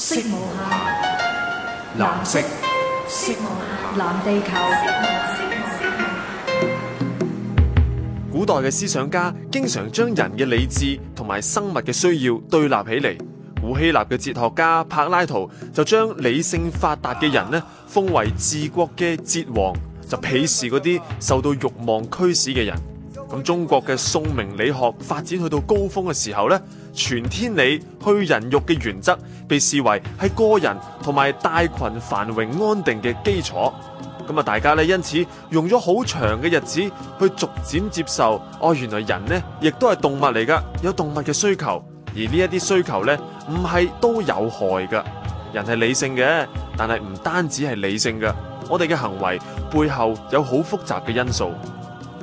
色無下藍色，色無下藍地球。古代嘅思想家經常將人嘅理智同埋生物嘅需要對立起嚟。古希臘嘅哲學家柏拉圖就將理性發達嘅人呢，封為治國嘅哲王，就鄙視嗰啲受到慾望驅使嘅人。咁中國嘅宋明理學發展去到高峰嘅時候咧，存天理去人欲嘅原則被視為係個人同埋大群繁榮安定嘅基礎。咁啊，大家咧因此用咗好長嘅日子去逐漸接受，哦，原來人咧亦都係動物嚟噶有動物嘅需求，而呢一啲需求咧唔係都有害噶。人係理性嘅，但係唔單止係理性嘅，我哋嘅行為背後有好複雜嘅因素。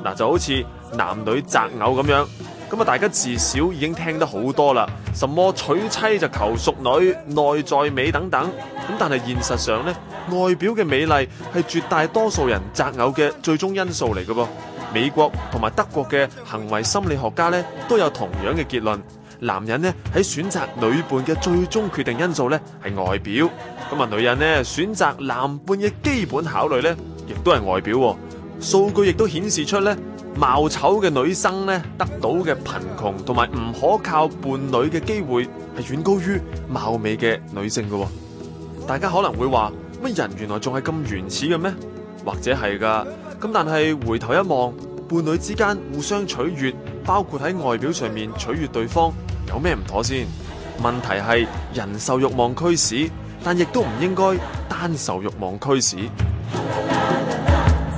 嗱就好似男女擇偶咁樣，咁啊大家至少已經聽得好多啦，什麼娶妻就求淑女、內在美等等，咁但係現實上呢，外表嘅美麗係絕大多數人擇偶嘅最終因素嚟嘅噃。美國同埋德國嘅行為心理學家呢都有同樣嘅結論，男人呢喺選擇女伴嘅最終決定因素呢係外表，咁啊女人呢選擇男伴嘅基本考慮呢亦都係外表。數據亦都顯示出咧，貌醜嘅女生咧得到嘅貧窮同埋唔可靠伴侶嘅機會係遠高於貌美嘅女性嘅哦。大家可能會話乜人原來仲係咁原始嘅咩？或者係㗎？咁但係回頭一望，伴侶之間互相取悅，包括喺外表上面取悅對方，有咩唔妥先？問題係人受欲望驅使，但亦都唔應該單受欲望驅使。